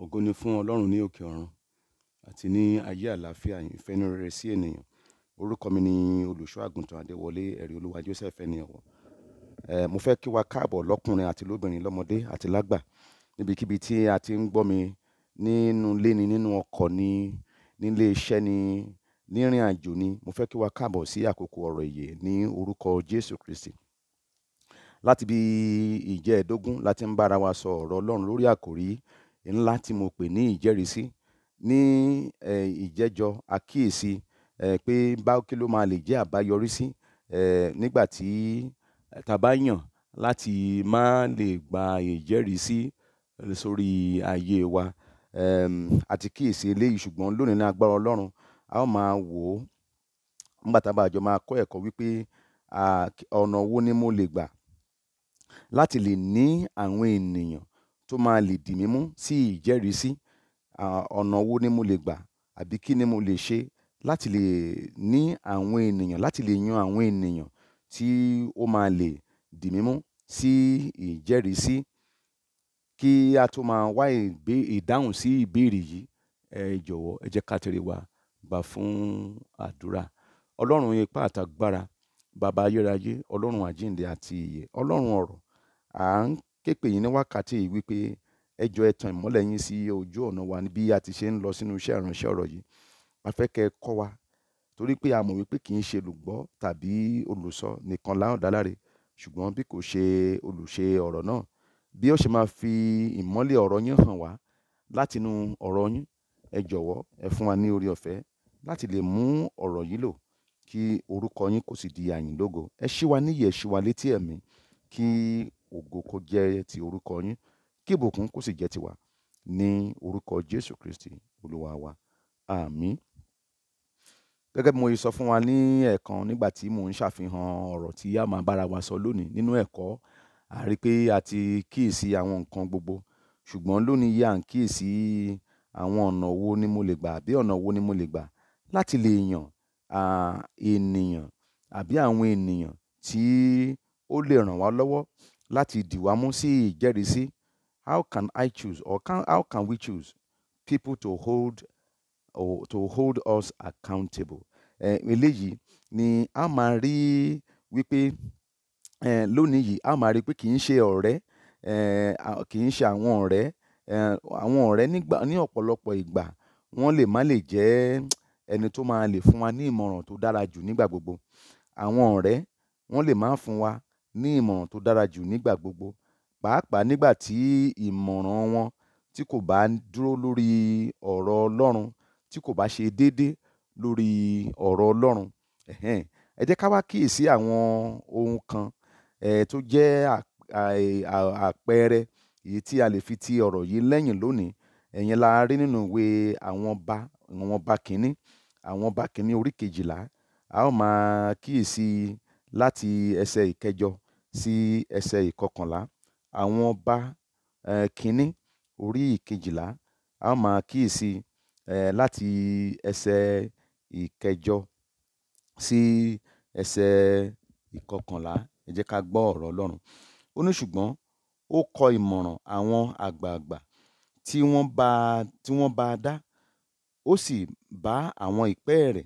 Ògo ni fún Ọlọ́run ní òkè ọ̀run àti ní ayé àlàáfíà ìfẹ́nú rere sí ènìyàn. Orúkọ mi ni Olùṣọ́ àgùntàn Adéwọlé ẹ̀rí Olúwa Joseph ẹni ọ̀wọ̀. mo fẹ́ kí wa káàbọ̀ lọ́kùnrin àti lóbìnrin lọ́mọdé àti lágbà níbikíbi tí a ti ń gbọ́ mi nínú ilé ni, nínú ọkọ̀ ni, nílé iṣẹ́ ni, nírìn àjò ni. Mo fẹ́ kí wa káàbọ̀ sí àkókò ọ̀rọ̀ ìyè ní orúkọ Jésù Kristi. Láti bí ìjẹ́ẹ̀dógún láti ń bá ara wa sọ ọ̀rọ̀ Ọlọ́run lórí àkòrí ńlá tí mo pè ní ìjẹ́rìísí ní eh, ìjẹ́jọ àkíyèsí eh, pé báwo kí ló máa lè jẹ́ àbáyọrí sí eh, nígbà tí ta bá yàn láti má lè gba ìjẹ́rìísí sórí ayé wa um, àti kíyèsí eléyìí ṣùgbọ́n lónìí ní agbára Ọlọ́run a ó máa wò ó nígbà tá a bá jọ máa kọ́ ẹ̀kọ́ wípé ọ̀nà wo ni mo lè gbà láti lè ní àwọn ènìyàn tó máa lè dì mí mú sí ìjẹ́rìísí ọ̀nà wo ni mo lè gbà àbí kí ni mo lè ṣe láti lè ní àwọn ènìyàn láti lè yan àwọn ènìyàn tí ó máa lè dì mí mú sí ìjẹ́rìísí kí a tó máa wá ìdáhùn sí ìbéèrè yìí ẹ jọ̀wọ́ ẹ jẹ́ ká tẹrí wa gbà fún àdúrà ọlọ́run ipá àtàgbára bàbá ayérayé ọlọ́run àjíǹde àti ìyè ọlọ́run ọ̀rọ̀ à ń képe yìí ní wákàtí yìí wípé ẹ jọ ẹ tan ìmọ́lẹ̀ yín sí ojú ọ̀nà wa bí a ti ṣe ń lọ sínú iṣẹ́ ìránṣẹ́ ọ̀rọ̀ yìí a fẹ́ kẹ́ ẹ kọ́ wa torí pé a mọ̀ wípé kì í ṣe olùgbọ́ tàbí olùsọ nìkan láhùn dáláre ṣùgbọ́n bí kò ṣe olùṣe ọ̀rọ̀ náà bí ó ṣe máa fi ìmọ́lẹ̀ ọ̀rọ̀ yín hàn wá látinú ọ̀rọ̀ yín ẹ jọ̀wọ́ ẹ fún wa ní orí ọ̀fẹ́ láti lè mú ọ̀rọ̀ yìí lò kí orúkọ yín kò sì di àyìnlógo ẹ ṣí wa níyì ẹ ṣí wa létí ẹ̀mí kí ògo kó jẹ́ ti orúkọ yín kí ìbùkún kó sì jẹ́ tiwa ní orúkọ Jésù Kristi Olúwa wa àmín gẹ́gẹ́ bí mo sọ fún wa ní ẹ̀ẹ̀kan nígbà tí mò ń ṣàfihàn ọ̀rọ̀ tí a máa bára wa sọ lónìí nínú ẹ̀kọ́ a pé a ti kíyèsí àwọn nǹkan gbogbo ṣùgbọ́n lónìí yà ń kíyèsí àwọn ọ̀nà wo ni mo lè gbà àbí ọ̀nà wo ni mo lè gbà láti lè yàn ènìyàn àbí àwọn ènìyàn tí ó lè ràn wá lọ́wọ́ láti dìwà mú sí ìjẹ́rìísí how can I choose or can, how can we choose people to hold or to hold us accountable? eléyìí ni a máa rí wípé lónìí yìí a máa rí pé kì í ṣe ọ̀rẹ́ kì í ṣe àwọn ọ̀rẹ́ àwọn ọ̀rẹ́ nígbà ní ọ̀pọ̀lọpọ̀ ìgbà wọ́n lè má lè jẹ́ ẹni tó máa lè fún wa ní ìmọ̀ràn tó dára jù nígbà gbogbo àwọn ọ̀rẹ́ wọ́n lè má fún wa ní ìmọ̀ràn tó dára jù nígbà gbogbo pàápàá nígbà tí ìmọ̀ràn wọn tí kò bá dúró lórí ọ̀rọ̀ Ọlọ́run tí kò bá ṣe déédé lórí ọ̀rọ̀ Ọlọ́run. Ẹ̀hẹ́n. Ẹ jẹ́ ká wá kíyèsí àwọn ohun kan tó jẹ́ àpẹẹrẹ èyí tí a lè fi ti ọ̀rọ̀ yìí lẹ́yìn lónìí. Ìyẹn la rí nínú ìwé àwọn ọba, àwọn ọba kìn-ín-ní, àwọn ọba kìn orí kejìlá. A ó máa kíyèsí láti ẹsẹ̀ ìkẹjọ sí ẹsẹ̀ ìkọkànlá àwọn ọba um kìíní orí ìkejìlá a ó máa kíyèsí um láti ẹsẹ̀ ìkẹjọ sí ẹsẹ̀ ìkọkànlá ẹ jẹ́ ká gbọ́ ọ̀rọ̀ ọlọ́run ó ní ṣùgbọ́n ó kọ ìmọ̀ràn àwọn àgbààgbà tí wọ́n bá tí wọ́n bá dá ó sì bá àwọn ìpẹ́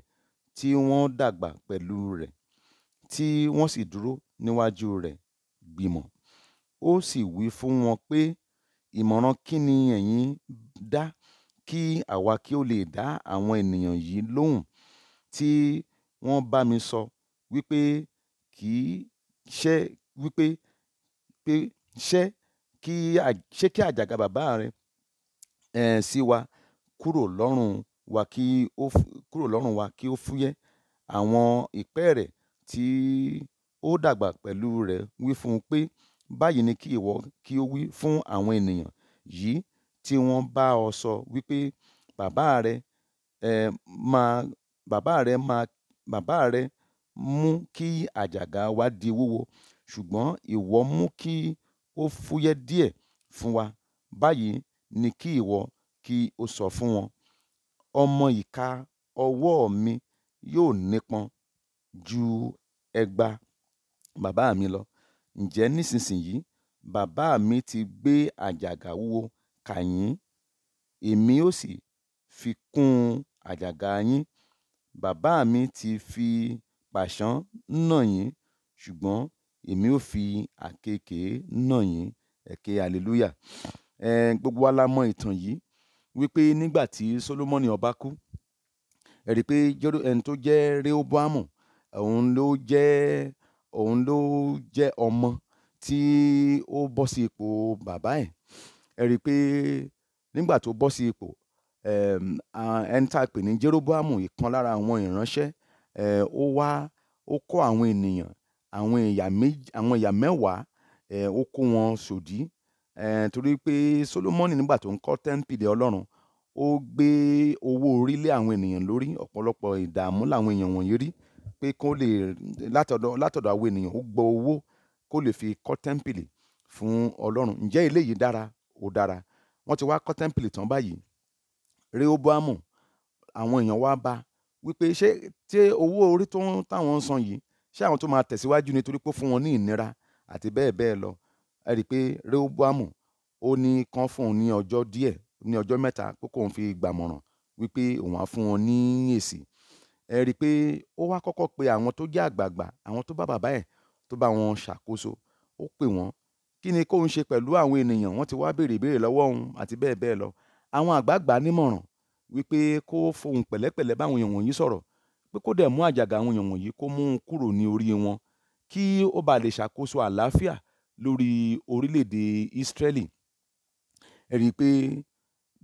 tí wọ́n dàgbà pẹ̀lú rẹ̀ tí wọ́n sì dúró níwájú rẹ̀ gbìmọ̀ ó sì wí fún wọn pé ìmọ̀ràn kí ni ẹ̀yin dá kí àwa kí ó lè dá àwọn ènìyàn yìí lóhùn tí wọ́n bá mi sọ wípé kì í ṣe wípé pé ṣé kí ṣé kí àjàgà bàbá rẹ ẹ̀ sí wa kúrò lọ́rùn wa kí ó kúrò lọ́rùn wa kí ó fúyẹ́ àwọn ìpẹ́ rẹ̀ tí ó dàgbà pẹ̀lú rẹ̀ wí fún un pé, “Báyìí ni kí ìwọ kí ó wí fún àwọn ènìyàn yìí tí wọ́n bá ọ sọ wípé, ‘Baba rẹ, eh, máa, baba rẹ máa, baba rẹ mú kí àjàgà wa di wúwo, ṣùgbọ́n ìwọ mú kí ó fúyẹ́ díẹ̀ fún wa.’ Báyìí ni kí ìwọ kí ó sọ fún wọn, ‘Ọmọ ìka ọwọ́ mi yóò nípọn ju ẹgba bàbá mi lọ. Ǹjẹ́ nísinsìnyí, bàbá mi ti gbé àjàgà wúwo kà yín, èmi ó sì fi kún àjàgà yín. Bàbá mi ti fi pàṣán nà yín, ṣùgbọ́n èmi ó fi àkéekèe nà yín. Ẹ̀kẹ hallelujah. Ehn, gbogbo wa la mọ ìtàn yìí wípé nígbà tí Solomoni ọba kú, ẹ rí pé ẹni tó jẹ́ Rehoboamu òun ló jẹ́, òun ló jẹ́ ọmọ tí ó bọ́ sí ipò bàbá ẹ̀. Ẹ rí i pé nígbà tó bọ́ sí ipò, um ẹni tí a pè ní Jeroboamu, ìkan lára àwọn ìránṣẹ́, um ó wá, ó kó àwọn ènìyàn, àwọn ẹ̀yà méjì, àwọn ẹ̀yà mẹ́wàá, ó kó wọn sòdí torí pé Solomoni nígbà tó ń kọ́ tẹ́ḿpìlì Ọlọ́run, ó gbé owó orí àwọn ènìyàn lórí. Ọ̀pọ̀lọpọ̀ ìdààmú làwọn èèyàn wọ̀nyí rí pé kó lè látọ̀dọ̀ látọ̀dọ̀ àwọn ènìyàn ó gbọ́ owó kó lè fi kọ́ tẹ́ḿpìlì fún ọlọ́run ǹjẹ́ eléyìí dára ó dára wọ́n ti wá kọ́ tẹ́ḿpìlì tán báyìí rehoboamu àwọn èèyàn wá bá wípé ṣé tí owó orí tó ń táwọn ń san yìí ṣé àwọn tó máa tẹ̀síwájú nítorí pé fún wọn ní ìnira àti bẹ́ẹ̀ bẹ́ẹ̀ lọ ẹ rí i pé rehoboamu ó ní kán fún un ní ọjọ́ díẹ̀ ní ọjọ́ mẹ́ta pé kóun fi gbàmọ̀ràn wípé òun á fún wọn ní èsì ẹ rí i pé ó wá kọ́kọ́ pe àwọn tó jẹ́ àgbààgbà àwọn tó bá bàbá ẹ̀ tó bá wọn ṣàkóso ó pè wọ́n kí ni kóun ṣe pẹ̀lú àwọn ènìyàn wọ́n ti wá béèrè ìbéèrè lọ́wọ́ òun àti bẹ́ẹ̀ bẹ́ẹ̀ lọ àwọn àgbààgbà nímọ̀ràn wípé kó fohùn pẹ̀lẹ́pẹ̀lẹ́ báwọn èèyàn wọ̀nyí sọ̀rọ̀ pé kó dẹ̀ mú àjàgà àwọn èèyàn wọ̀nyí kó mú un kúrò ní orí wọn kí ó bá lè ṣàkóso àlàáfíà lórí orílẹ̀-èdè Ísírẹ́lì ẹ pé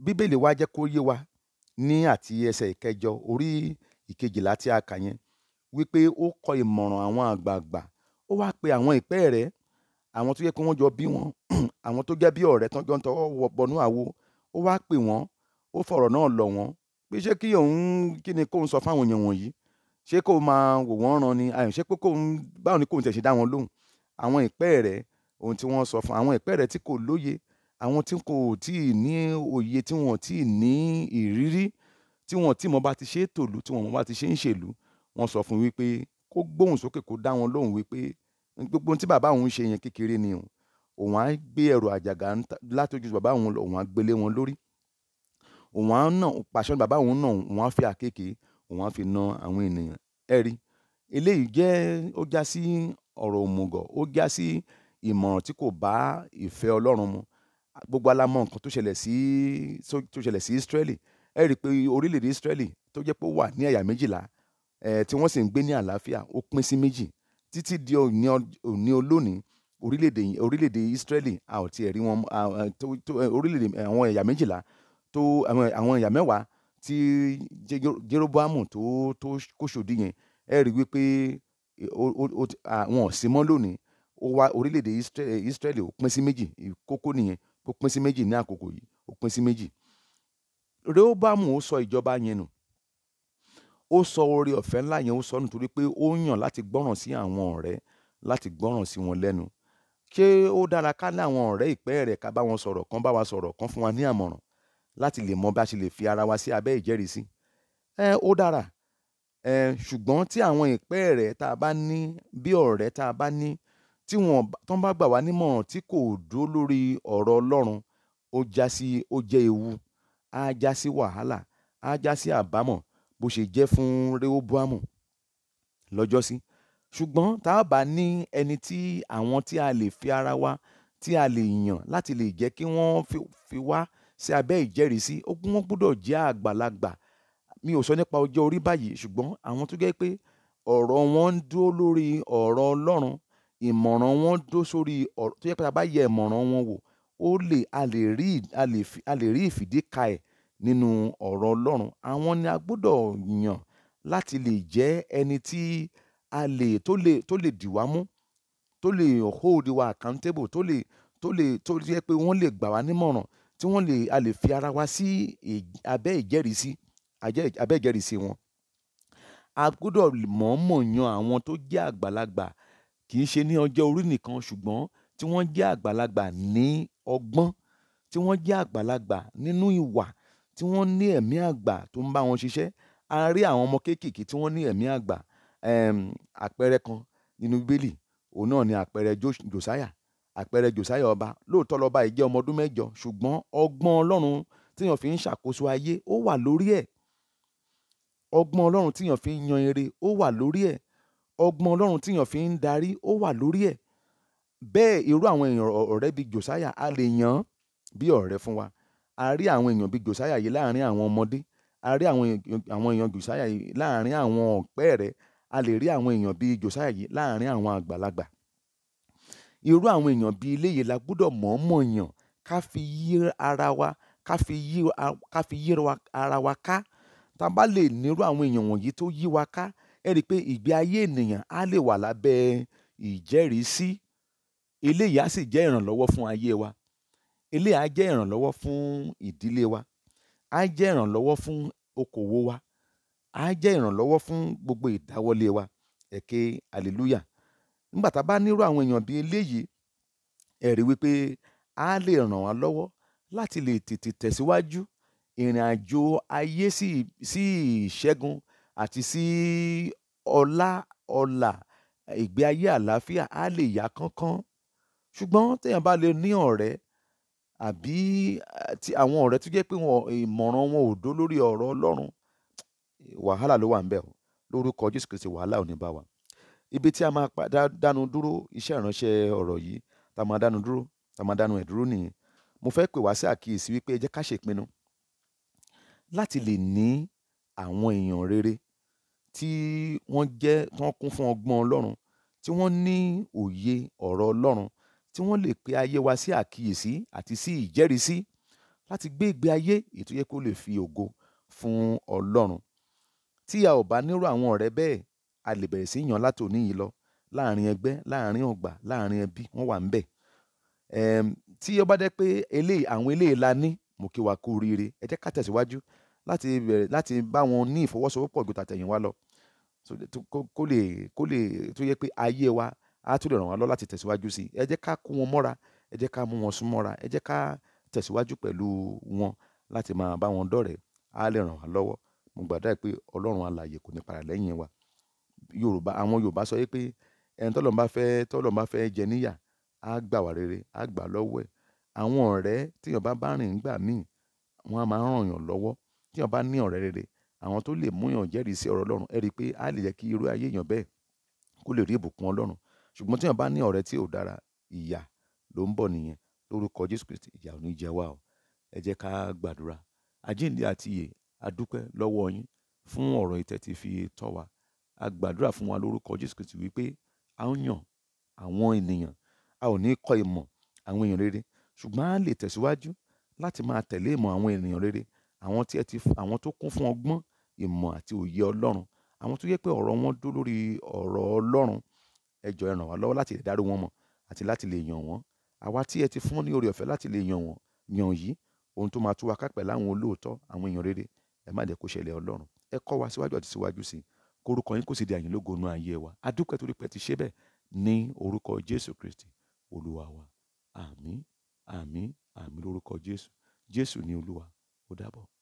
bíbélì wa jẹ́ kó yé wa ní àti ẹsẹ̀ ìkẹjọ orí ìkejìlá tí a kà yẹn wípé ó kọ ìmọ̀ràn àwọn àgbààgbà ó wá pe àwọn ìpẹ́ rẹ̀ àwọn tó yẹ pé wọ́n jọ bí wọn àwọn tó jẹ́ bí ọ̀rẹ́ tán jọ ń tọwọ́ bọnú àwo ó wá pè wọ́n ó fọ̀rọ̀ náà lọ̀ wọ́n pé ṣé kí òun kí ni kóun sọ fáwọn èèyàn wọ̀nyí ṣé kó máa wò wọ́n ran ni àyàn ṣé pé kóun báwo ni kóun tẹ̀ ṣe dá wọn lóhùn àwọn ìpẹ́ rẹ̀ ohun tí wọ́n sọ fún àwọn ìpẹ́ rẹ̀ tí kò lóye àwọn tí kò tíì ní òye tí wọn tíì ní ìrírí tí wọn tí mo bá ti ṣe é tòlú tí wọn mo bá ti ṣe ń ṣèlú wọ́n sọ fún wípé kó gbóhùn sókè kó dá wọn lóhùn wípé gbogbo tí bàbá òun ṣe yẹn kékeré ni o òun á gbé ẹrù àjàgà látọjú bàbá òun òun á gbélé wọn lórí òun á nà pàṣẹ bàbá òun náà òun á fi àkekèé òun á fi na àwọn ènìyàn ẹ rí eléyìí jẹ́ ó já sí ọ̀rọ̀ òmùgọ̀ ó já sí ìmọ̀ràn tí kò bá ìfẹ́ Ọlọ́run mu gbogbo alamọ nǹkan tó ṣẹlẹ̀ sí tó ṣẹlẹ̀ sí Ísírẹ́lì ẹ rí i pé orílẹ̀-èdè Ísírẹ́lì tó jẹ́ pé ó wà ní ẹ̀yà méjìlá tí wọ́n sì ń gbé ní àlàáfíà ó pín sí méjì títí di òní olónìí orílẹ̀-èdè orílẹ̀-èdè Ísírẹ́lì a ò tiẹ̀ rí wọn orílẹ̀-èdè àwọn ẹ̀yà méjìlá tó àwọn ẹ̀yà mẹ́wàá tí Jeroboamu tó tó kóṣòdì yẹn ẹ rí wípé wọn ò sí mọ́ lónìí ó wá orílẹ̀-èdè Ísírẹ́lì ó pín sí méjì kókó nìyẹn ó pín sí méjì ní àkókò yìí ó pín sí méjì rehoboam ó sọ ìjọba yẹn nù ó sọ oore ọ̀fẹ́ ńlá yẹn ó sọ nítorí pé ó yàn láti gbọ́ràn sí àwọn ọ̀rẹ́ láti gbọ́ràn sí wọn lẹ́nu ṣé ó dára ká ní àwọn ọ̀rẹ́ ìpẹ́ rẹ̀ ká bá wọn sọ̀rọ̀ kan bá wa sọ̀rọ̀ kan fún wa ní àmọ̀ràn láti lè mọ bá a ṣe lè fi ara wa sí abẹ́ ìjẹ́rìísí ẹ ó dára ẹ ṣùgbọ́n tí àwọn ìpẹ́ rẹ̀ tá a bá ní bí ọ̀rẹ́ tá a bá ní tí wọn tán bá gbà wá nímọ̀ràn tí kò dúró lórí ọ̀rọ̀ Ọlọ́run ó já sí ó jẹ́ ewu á já sí wàhálà á já sí àbámọ̀ bó ṣe jẹ́ fún rehoboamu lọ́jọ́sí ṣùgbọ́n tá a bá ní ẹni tí àwọn tí a lè fi ara wa tí a lè yàn láti lè jẹ́ kí wọ́n fi wá sí abẹ́ ìjẹ́rìísí ogun wọn gbọ́dọ̀ jẹ́ àgbàlagbà mi ò sọ nípa ọjọ́ orí báyìí ṣùgbọ́n àwọn tó jẹ́ pé ọ̀rọ̀ wọn ń dúró lórí ọ̀rọ̀ ọlọ́run ìmọ̀ràn wọn dó sórí ọ̀rọ̀ tó yẹ pé a bá yẹ ìmọ̀ràn wọn wò ó lè a lè rí a lè fi a lè rí ìfìdíkàẹ nínú ọ̀rọ̀ Ọlọ́run. Àwọn ni a gbọ́dọ̀ yàn láti lè jẹ́ ẹni tí a lè tó lè tó lè dì wá mú, tó lè hold wa accountable, tó lè tó lè tó jẹ́ pé wọ́n lè gbà wá nímọ̀ràn, tí wọ́n lè a lè fi ara wa sí abẹ́ ìjẹ́rìísí abẹ́ ìjẹ́rìísí wọn. A gbọ́dọ̀ mọ̀ọ́mọ̀ yan àwọn tó jẹ́ àgbàlagbà kì í ṣe ní ọjọ́ orí nìkan ṣùgbọ́n tí wọ́n jẹ́ àgbàlagbà ní ọgbọ́n tí wọ́n jẹ́ àgbàlagbà nínú ìwà tí wọ́n ní ẹ̀mí àgbà tó ń bá wọn ṣiṣẹ́ a rí àwọn ọmọ kéékèèké tí wọ́n ní ẹ̀mí àgbà àpẹẹrẹ kan nínú bíbélì òun náà ni àpẹẹrẹ josiah àpẹẹrẹ josiah ọba lóòótọ́ lọ́ba yìí jẹ́ ọmọ ọdún mẹ́jọ ṣùgbọ́n ọgbọ́n ọlọ́run tíyàn fi ń ṣàkóso ayé ó wà lórí ẹ̀ ọgbọ́n ọlọ́run tíyàn fi ń yan ire ó wà lórí ẹ̀ ọgbọ́n ọlọ́run tíyàn fi ń darí ó wà lórí ẹ̀ bẹ́ẹ̀ irú àwọn èèyàn ọ̀rẹ́ bíi josiah a lè yàn án bí ọ̀rẹ́ fún wa a rí àwọn èèyàn bíi josiah yìí láàrin àwọn ọmọdé a rí àwọn èèyàn josiah yìí láàrin àwọn ọ̀pẹ́ rẹ̀ a lè rí àwọn èèyàn bíi josiah yìí láàrin àwọn àgbàlagbà irú àwọn èèyàn bíi ilé yìí la gbọ́dọ̀ mọ̀ọ́mọ̀ yàn ká fi yí ara wa ká fi yí ara wa ká tá a bá lè nírú àwọn èèyàn wọ̀nyí tó yí wa ká ẹ rí i pé ìgbé ayé ènìyàn á lè wà lábẹ́ ìjẹ́rìísí eléyìí á sì jẹ́ ìrànlọ́wọ́ fún ayé wa eléyìí á jẹ́ ìrànlọ́wọ́ fún ìdílé wa á jẹ́ ìrànlọ́wọ́ fún okòwò wa á jẹ́ ìrànlọ́wọ́ fún gbogbo ìdáwọ́lé wa ẹ̀kẹ́ hallelujah nígbà tá a bá nírú àwọn èèyàn bíi eléyìí ẹ̀rí wípé á lè ràn wá lọ́wọ́ láti lè tètè tẹ̀síwájú ìrìn àjò ayé sí ìṣẹ́gun àti sí ọlá ọlà ìgbé ayé àlàáfíà á lè yá kánkán ṣùgbọ́n téèyàn bá lè ní ọ̀rẹ́ àbí eh, ti àwọn ọ̀rẹ́ tó jẹ́ pé wọn ìmọ̀ràn wọn ò dó lórí ọ̀rọ̀ Ọlọ́run wàhálà ló wà ń bẹ̀ o lórúkọ Jésù Kristi wàhálà ò ní bá wa ibi tí a máa padà dánu dúró iṣẹ́ ìránṣẹ́ ọ̀rọ̀ yìí tá a máa dánu dúró tá a máa dánu ẹ̀ dúró nìyẹn mo fẹ́ pè wá sí àkíyèsí wípé ẹ jẹ́ ká ṣèpinnu láti lè ní àwọn èèyàn rere tí wọ́n jẹ́ wọ́n kún fún ọgbọ́n Ọlọ́run tí wọ́n ní òye ọ̀rọ̀ Ọlọ́run tí wọ́n lè pe ayé wa sí àkíyèsí àti sí ìjẹ́rìísí láti gbé ìgbé ayé ètò yẹ kó lè fi ògo fún Ọlọ́run. Tí a ò bá nírú àwọn ọ̀rẹ́ bẹ́ẹ̀, a lè bẹ̀rẹ̀ sí yàn látòní yìí lọ láàrin ẹgbẹ́, láàrin ọ̀gbà, láàrin ẹbí, wọ́n wà ń bẹ̀. tí ó bá dẹ́ pé eléyìí àwọn eléyìí la ní mo kí wa kú oríire ẹ jẹ́ ká tẹ̀síwájú láti bẹ̀rẹ̀ láti bá wọn ní ìfọwọ́sowọ́pọ̀ ju tàtẹ̀yìnwá lọ kó lè kó lè tó yẹ pé ayé wa á tún lè ràn wá lọ láti tẹ̀síwájú sí i ẹ jẹ́ ká kó wọn mọ́ra ẹ jẹ́ ká mú wọn sún mọ́ra ẹ jẹ́ ká tẹ̀síwájú pẹ̀lú wọn láti máa bá wọn dọ̀rẹ́ á lè ràn wá lọ́wọ́ mo gbàdúrà pé ọlọ́run alààyè kò ní para lẹ́yìn wa yorùbá àwọn yorùbá sọ pé ẹni tọ́lọ́run bá fẹ́ tọ́lọ́run bá fẹ́ jẹ níyà á gbà wá rere á gbà lọ́wọ́ ẹ̀ àwọn ọ̀rẹ́ tíyàn bá bá rìn gbà míì wọ́n á máa ràn yàn lọ́wọ́ tíyàn bá ní ọ̀rẹ́ rere àwọn tó lè mú yàn jẹ́rìí sí ọ̀rọ̀ ọlọ́run ẹ rí i pé á lè jẹ́ kí irú ayé yàn bẹ́ẹ̀ kó lè rí ìbùkún ọlọ́run Ṣùgbọ́n tí èèyàn bá ní ọ̀rẹ́ tí ò dára, ìyà ló ń bọ̀ nìyẹn. Lórúkọ Jésù Kristi, ìyà ò ní jẹ wá o. Ẹ jẹ́ ká gbàdúrà. Àjíǹde àti ìyè, a dúpẹ́ lọ́wọ́ yín fún ọ̀rọ̀ yìí tí ẹ ti fi tọ́ wa. A gbàdúrà fún wa lórúkọ Jésù Kristi wípé a ó yàn àwọn ènìyàn, a ò ní kọ ìmọ̀ àwọn èèyàn rere, ṣùgbọ́n a lè tẹ̀síwájú láti máa tẹ̀lé ìmọ̀ àwọn ènìyàn rere, àwọn tí ẹ ti, àwọn tó kún fún ọgbọ́n, ìmọ̀ àti òye Ọlọ́run, àwọn tó yẹ pé ọ̀rọ̀ wọn dúró lórí ọ̀rọ̀ Ọlọ́run ẹ jọ̀ọ́ ẹ ràn wá lọ́wọ́ láti lè dárú wọn mọ̀ àti láti lè yàn wọ́n àwa tí ẹ ti fún ní oore ọ̀fẹ́ láti lè yàn wọ́n yàn yìí ohun tó máa tú wa ká pẹ̀lú àwọn olóòótọ́ àwọn èèyàn rere ẹ má jẹ́ kó ṣẹlẹ̀ ọlọ́run ẹ kọ́ wa síwájú àti síwájú sí i korúkọ yín kò sì di àyìn lógo nu ayé wa adúpẹ́ torí pé ti ṣe bẹ́ẹ̀ ní orúkọ jésù kristi olúwa wa àmín àmín àmín lórúkọ jésù jésù ni olúwa ó dàbọ̀.